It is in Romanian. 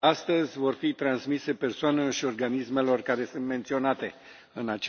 astăzi vor fi transmise persoanelor și organismelor care sunt menționate în aceste raport.